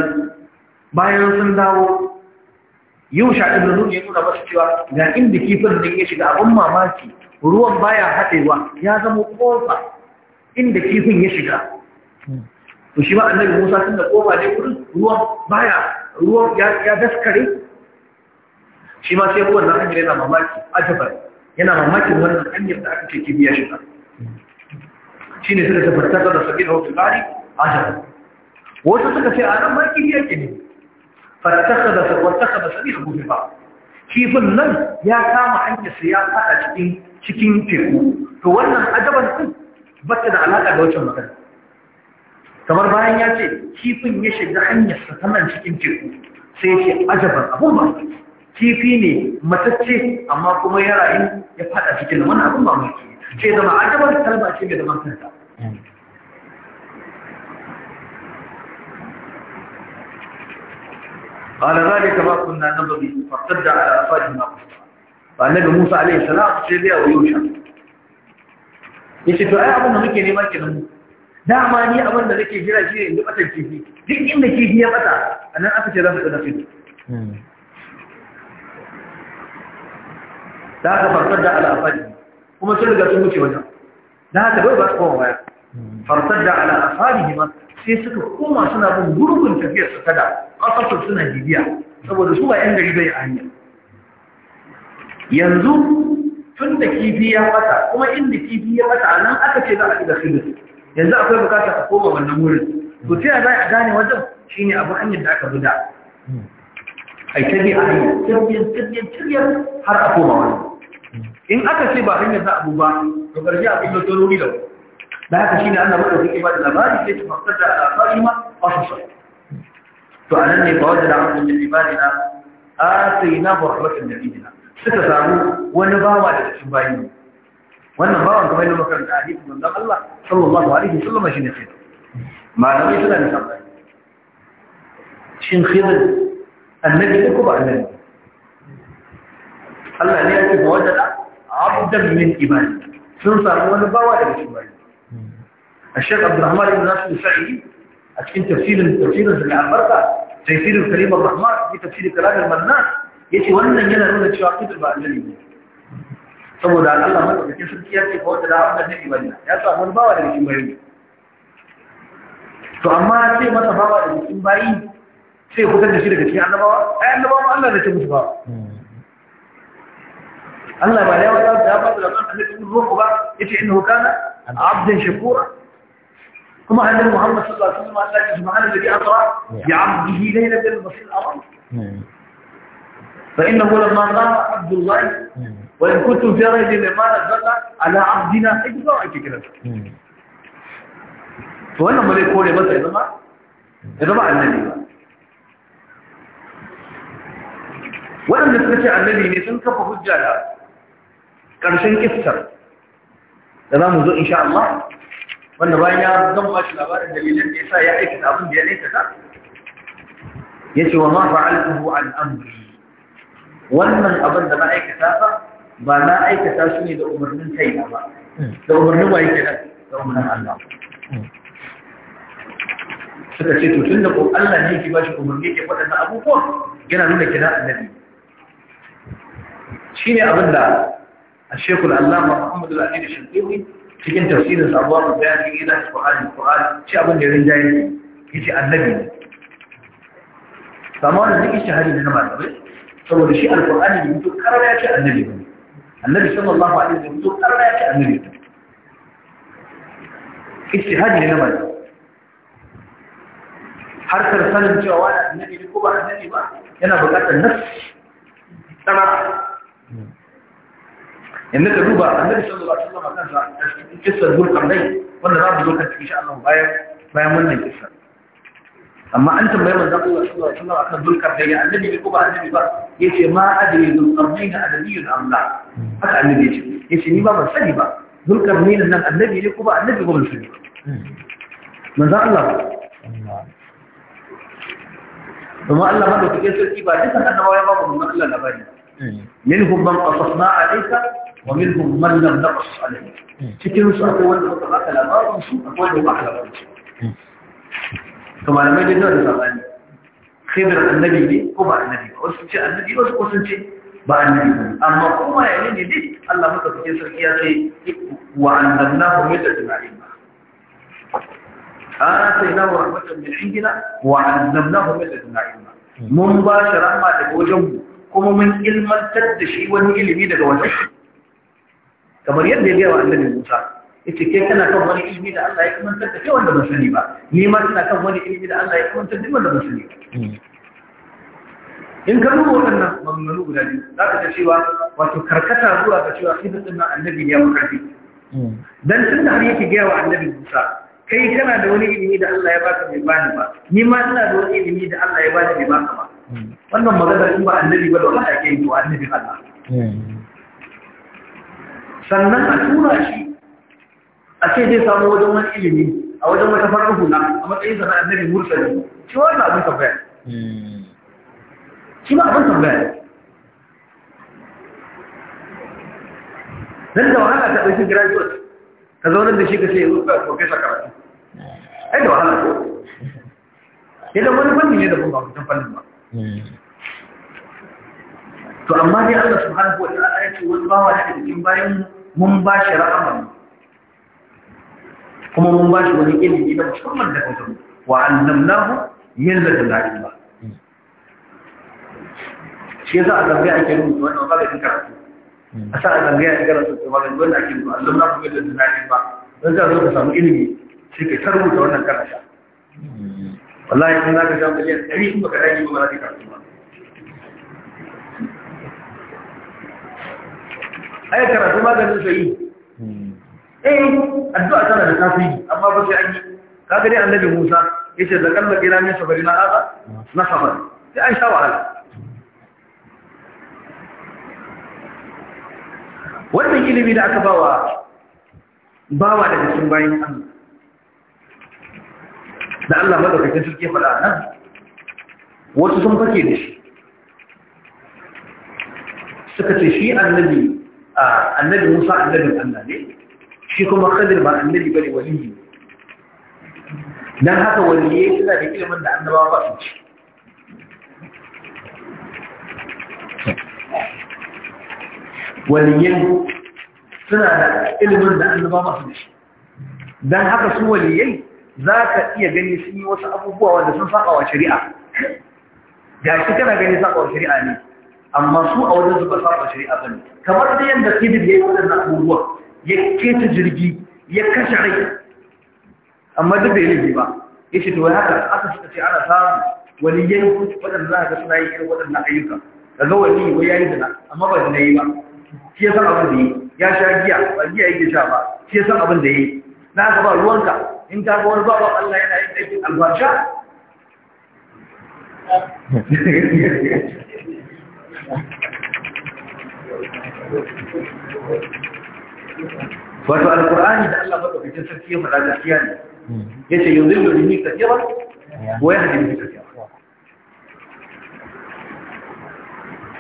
bayan sun dawo yau shaɗin da nuna ya nuna masu cewa ga inda kifin nan ya shiga abin mamaki ruwan baya haɗewa ya zama ƙofa inda kifin ya shiga to shi ma annabi Musa tun da kofa ne wurin ruwan baya ruwan ya daskare shi ma sai ruwan na hanyar yana mamaki ajabar yana mamakin wannan hanyar da aka ce kifi ya shiga shi ne suka tabbatar da sabi da wasu gari ajabar wasu suka ce a nan ma kifi ke ne fattaka da sakwataka da sabi da gobe ba kifin nan ya kama hanyar sa ya fada cikin cikin teku to wannan ajabar din ba ta da alaƙa da wancan mutane. kamar bayan ya ce kifin ya shiga hanyar sa ta nan cikin teku sai ya ce ajabar abun ba kifi ne matacce amma kuma ya ya fada cikin da wani abun ba mai ce zama ajabar kalba ce mai zaman kanta ba na nan قال ذلك ما كنا نبغي فارتد على أفواههما كفرا فالنبي موسى عليه السلام سيدي ويوشع ya ce to ai abin da muke nema ke nan dama ni abin da nake jira shi ne in ga kifi duk inda kifi ya bata a nan aka ce za su ɗaga fi da aka farfar da al'afari kuma sun riga sun wuce wajen da haka bai ba su kowa baya farfar da al'afari ma sai suka koma suna bin gurgun tafiyar su kada kasashen suna bibiya saboda su ba yan gari bai a hanya yanzu tun da kifi ya fata kuma inda kifi ya fata a nan aka ce za a shiga khidr yanzu akwai bukatar a koma wannan wurin to ta za a gane wajen shine abin hanyar da aka bi da ai ta bi a hanyar tiryan tiryan tiryan har a koma wani in aka ce ba hanyar za a bu ba to ƙarshe a kuma tsarori da da haka shine Allah ba da suke ba da labari sai ta fasar da al'afari ma sosai. to a nan ne ba wajen da an kuma ibadina آتيناه رحمة من عندنا suka samu wani bawa da cikin bayi wannan bawan kamar yadda makaranta a hadisin manzon Allah sallallahu alaihi wasallam shine sai malamai suna da sabbai shin khidr annabi ne ko ba annabi Allah ne yake wajada abdan min ibadi sun samu wani bawa da cikin bayi الشيخ عبد الرحمن بن ناصر السعدي أتكلم تفسير تفسير البركة تفسير كريم الرحمن في تفسير كلام المنان ya ce wannan yana nuna cewa kudur ba annabi ne saboda Allah madaukakin sarki ya ce ba wanda da Allah ne bane ya sa wani bawa da cikin bayi to amma sai masa bawa da cikin bayi sai fitar da shi daga cikin annabawa ai annabawa Allah ne ta musu bawa Allah ba ya wata da ba da kan annabi ku ba yace innahu kana abdan shakura kuma hannun Muhammad sallallahu alaihi wasallam Allah ya subhanahu wa ta'ala ya asra bi 'abdihi laylan min al-masjid al-haram hmm. فإنه لما قال عبد الله وإن كنت جاري لمال الزكاة على عبدنا حجزة وإنك كده فإن ملك هو لمتى إذا ما إذا ما النبي وإن نتفتع النبي نسل كفه الجالة كرشن كفتر إذا ما إن شاء الله وإن رأينا ضم أشنا بارد دليل الإساء يأكد أبن بيانيتك يسي وما فعلته عن أمري wannan abin da na aikata ba ba na aikata shi ne da umarnin kaina ba da umarnin waye kenan da umarnin Allah suka ce to tunda ko Allah ne yake ba shi umarni ke waɗannan abubuwa? yana nuna kina annabi ne abin da a Allah الشيخ العلامة محمد da الشنقيطي cikin tafsirin sabuwar bayani ila Qur'ani Qur'ani shi abin da yarin jayi yace annabi ne kamar da yake shahari na malamai saboda shi alkur'ani ne mutu karar ya ce annabi ba annabi sallallahu alaihi wasallam mutu karar ya ce annabi ba istihadi ne na mai harkar sanin cewa wani annabi ne ko ba annabi ba yana buƙatar nas tsara yanzu ka duba annabi sallallahu alaihi wasallam kansa a cikin kissar burkan dai wanda za mu zo kan cikin sha'anin bayan bayan wannan kissar amma an tambayi manzon Allah sallallahu alaihi wasallam akan zulkarnain annabi ne ko ba annabi ba yace ma adri zulkarnain adabiyyun am la haka annabi yace yace ni ba ban sani ba zulkarnain nan annabi ne ko ba annabi ba ban sani manzon Allah domin Allah ma da kuke sarki ba duka annabawa ya ba mu manzon Allah labari minhum man qasasna alayka wa minhum man lam naqas alayka cikin su akwai wanda muka baka labarin su akwai wanda muka labarin su to malamai dai da sabani khidr annabi ne ko ba annabi ba wasu ce annabi wasu ko sun ce ba annabi ba amma kuma ya ne dai Allah maka fice sarki ya ce wa annabahu mutadin alim آتيناه رحمة من عندنا وعلمناه من لدنا علما kuma mun ilmantar da shi wani ilimi daga علمي دقوجه كما يدي ليه عن النبي Musa. yace kai kan wani ilimi da Allah ya kamantar da kai wanda ba sani ba ni ma tana kan wani ilimi da Allah ya kamantar da wanda ba sani in ka duba wannan maganganu guda biyu za ka ga cewa wato karkata zuwa ga cewa hidin din annabi ya makarfi dan tun da har yake gaya wa annabi Musa kai kana da wani ilimi da Allah ya baka bai bani ba ni ma ina da wani ilimi da Allah ya bani bai baka ba wannan maganar in ba annabi ba da wani ake yi to annabi Allah hmm. sannan a tura shi a ce zai samu wajen wani ilimi a wajen wata farar hula a matsayin sa na annabi mursali shi wani abin tambaya hmm. shi ma abin tambaya dan da wahala ta ɗauki graduate ka zaunar da shi ka ce yanzu ka ɗauke sa karatu ai da wahala ko [LAUGHS] idan wani fanni ne da ban ba mutum fannin ba hmm. to amma dai Allah subhanahu wa ta'ala ya ce wani bawa da cikin bayan mun ba shi ra'aman kuma mun ba shi wani ilimi na musamman da kansa wa annamnahu da ladun ba shi yasa a tambaya ake rubuta wannan maganin karatu a sa a tambaya ake karatu maganin wanda ake rubuta annamnahu min ladun ilma dan za ka samu ilimi sai ka tarbuta wannan karatu wallahi kun za ka sha miliyan 100 kuma ka rage ba za ka karatu ba ai karatu maganin sai eh addu'a tana da tasiri amma ba sai an yi kaga dai annabi Musa yace da kalla kira min sabari na aza na sabar sai an sha wahala wannan ilimi da aka bawa bawa daga cikin bayan Allah da Allah madaukakin sarki fara nan wasu sun fake da shi suka ce shi annabi annabi Musa annabin Allah ne shi kuma kadir ba annabi bane waliyi dan haka waliyi yana da ilimin da annabawa ba su ci waliyan suna da ilimin da annaba ba su ci dan haka su waliyi za ka iya gani sun yi wasu abubuwa wanda sun wa shari'a ga shi kana gani wa shari'a ne amma su a wajen su zuba saƙawa shari'a ba ne kamar da yadda kidid ya yi waɗannan abubuwa ya keta jirgi ya kashe rai amma duk da laifi ba ya ce to haka aka suka ce ana samu waliyan wadanda za a ga suna yi irin waɗannan ayyuka ka ga wani wai ya yi zina amma ba zina yi ba shi ya san abin da yi ya sha giya ba giya yake sha ba shi ya san abin da yi na haka ba ruwanka in ka ga wani babu Allah yana yin aikin albasha Thank [LAUGHS] you. wato alkur'ani da Allah fitin sarki ya fara gaskiya ne yace yuzillu bihi ko ya yahdi bihi kathira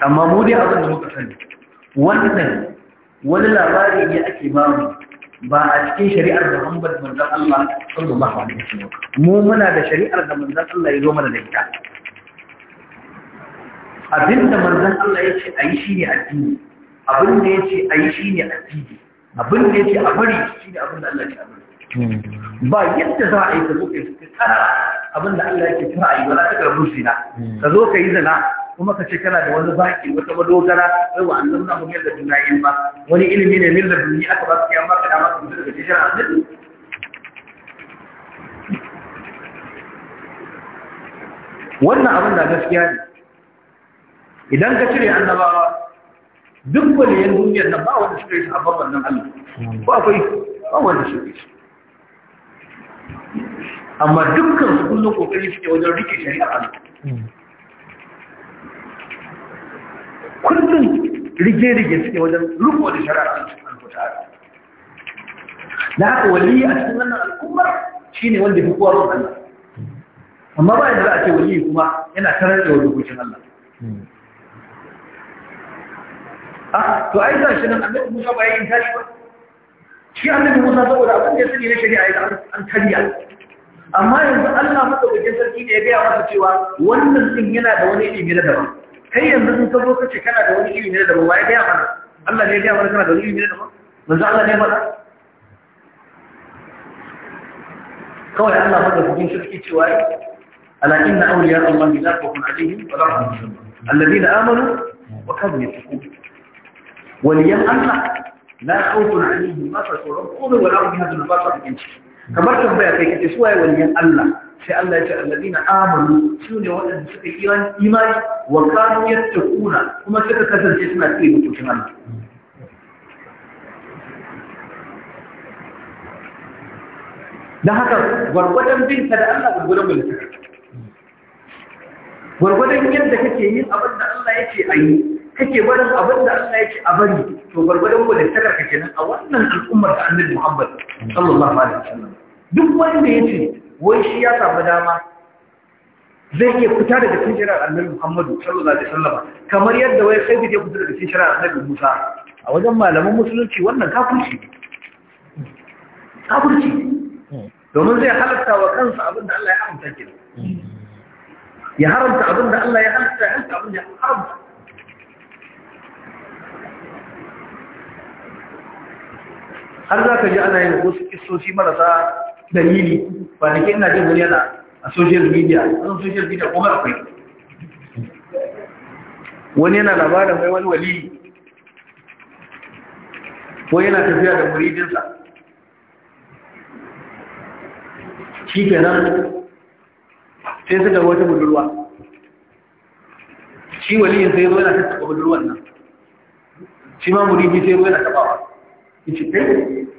amma mu dai abin da muka sani wannan wani labari ne ake bamu ba a cikin shari'ar da Muhammad manzon Allah sallallahu alaihi wasallam mu muna da shari'ar da manzon Allah ya zo mana da ita abinda manzon Allah ya ce shi ne addini abinda ya ce ayi ne addini abin da yake a bari shi ne abin da Allah ke abin ba yadda za a yi ka zo ka yi abin da Allah ke tsara yi wala ta karbu zina ka zo ka yi zina kuma ka ce kana da wani baki wata madogara sai wa annabi na mu'min da dunayin ba wani ilimi ne min da duniya aka ba su yamma ka dama su daga cikin annabi wannan abin da gaskiya ne idan ka cire annabawa duk waliyan duniyar nan ba wanda shi a babban nan Allah ba kai ba wanda shi amma dukkan su kullum kokari suke wajen rike shari'a Allah kullum rige-rige suke wajen rufo da shari'a Allah da haka waliyi a cikin wannan al'ummar shi ne wanda fi kowa Allah amma ba yadda za a ce waliyi kuma yana tarar da wani hukuncin Allah a to ai ga shi nan annabi Musa ba yayin tari ba shi annabi Musa saboda abin da ya sani na shari'a ya an karya amma yanzu Allah madaukakin sarki da ya gaya masa cewa wannan din yana da wani ilimi na daban kai yanzu in ka zo kace kana da wani ilimi na daban wai gaya mana Allah ne ya gaya mana kana da wani ilimi na daban manzo Allah ne faɗa kawai Allah madaukakin sarki cewa ala inna awliya Allah la khawfun alaihim wa la hum yahzanun alladhina amanu wa kanu yattaqun waliyan Allah la khawfun alaihim ba sa tsoron komai wala hum yahzanun ba sa cikin ciki kamar tambaya kai kace su waye waliyan Allah sai Allah ya ce na amanu su ne waɗanda suka yi imani wa kanu yattaquna kuma suka kasance suna tsaye mutuncin Allah da haka gwargwadon binta da Allah gwargwadon mulki gwargwadon yadda kake yin abin da Allah yake a yi kake barin abin da Allah ya ce a bari to gwargwadon ku da takarka kenan a wannan al'ummar da annabi Muhammad sallallahu alaihi wasallam duk wanda ya ce wai shi ya samu dama zai iya fita daga cikin shirar annabi Muhammad sallallahu alaihi wasallam kamar yadda wai sai ya fita daga cikin shirar annabi Musa a wajen malaman musulunci wannan kafirci kafirci domin zai halatta wa kansa abin da Allah ya haramta kenan ya haramta abin da Allah ya halatta ya haramta abin da ya haramta har za ka ji ana yin wasu kistoci marasa dalili ba da ke ina jin wani yana a social media wasu social media kuma akwai wani yana labarin mai wani wali ko yana tafiya da muridinsa shi ke nan sai suka wata budurwa shi waliyin sai zo yana tattaba budurwan nan shi ma muridi sai zo yana tabawa ya ce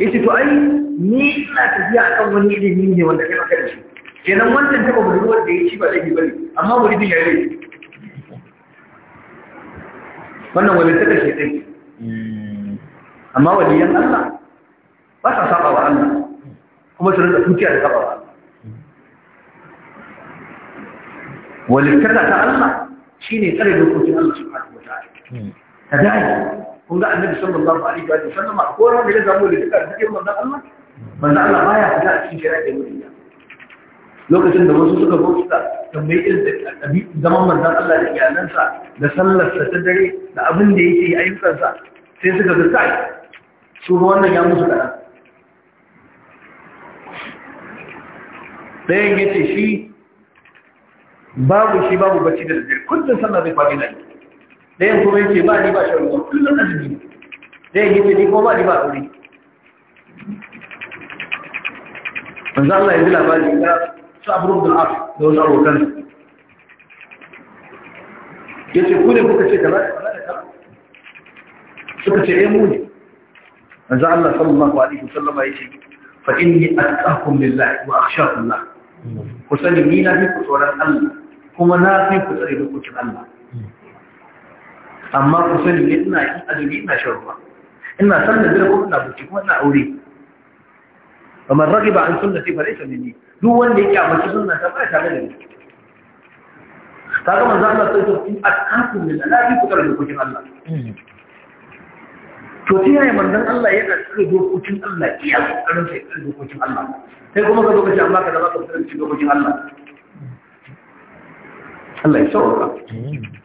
yace to ai ni ina tafiya akan wani ilimi ne wanda kai maka da shi kenan wannan taba budurwar da ya ci ba laifi bane amma muridin din laifi wannan wani taka shaitai amma wani yan Allah ba sa saba wa Allah kuma su rinka tukiya da saba wa Allah walittaka ta Allah shine tsare dokokin Allah subhanahu wa ta'ala ta dai kun ga annabi sallallahu alaihi wa sallam ko ran wanda ya zamu da duka cikin manzon Allah manzon Allah baya fita a cikin da mutum lokacin da wasu suka zo suka tambayi irin zaman manzon Allah da iyalansa da sallarsa ta dare da abin da yake yi ayyukansa sai suka ga kai su ba wannan ya musu kaɗan ɗayan ya ce shi babu shi babu bacci da daddare kullum sallah zai faɗi na yi ɗayan kuma yake ba ni ba shan ruwa kullum na jini ɗayan yake ni ko ba ni ba aure manzo Allah ya ji labari ya sa abu da af da wasu abokan ya ce ku ne kuka ce kaza da kaza suka ce ɗaya eh, mu ne manzo Allah sallallahu alaihi wasallam ya ce fa a atqakum lillahi wa akhshakum lah ku sani ni na fi ku tsoron Allah kuma na fi ku tsare ku Allah amma ku sani ne ina yi azumi ina shan ruwa ina san da kuma ina buci kuma ina aure rage ba an sunnati fa laysa minni duk wanda yake mace sunna ta fara ta da ni kaga manzo Allah sai to in akakum da lafi ku da dokokin Allah to sai yayin manzon Allah yana tsare dokokin Allah iya kokarin sai tsare dokokin Allah sai kuma ka dokokin Allah ka da ba ka tsare dokokin Allah Allah ya sauka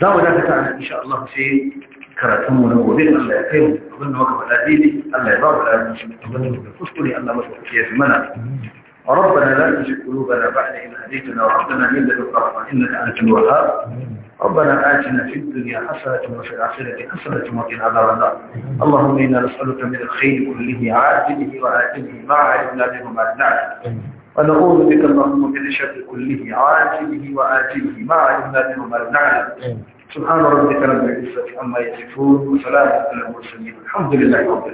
دعوة لا تتعنى إن شاء الله في كراتهم ونوبين أن لا يقيم أظن وقف الأزيدي أن لا يضعوا الأزيدي أن لا يضعوا في المنى ربنا لا تجد قلوبنا بعد إن هديتنا وربنا إلا بالقرفة إنك أنت الوهاب ربنا آتنا في الدنيا حسنة وفي الآخرة حسنة وقنا عذاب النار اللهم إنا نسألك من الخير كله عاجله وآتله ما علمنا منه ما نعلم ونعوذ بك اللهم من شر كله عاجله وآجله ما علمنا منه ما لم نعلم سبحان ربك رب العزة عما يصفون وسلام على المرسلين الحمد لله رب العالمين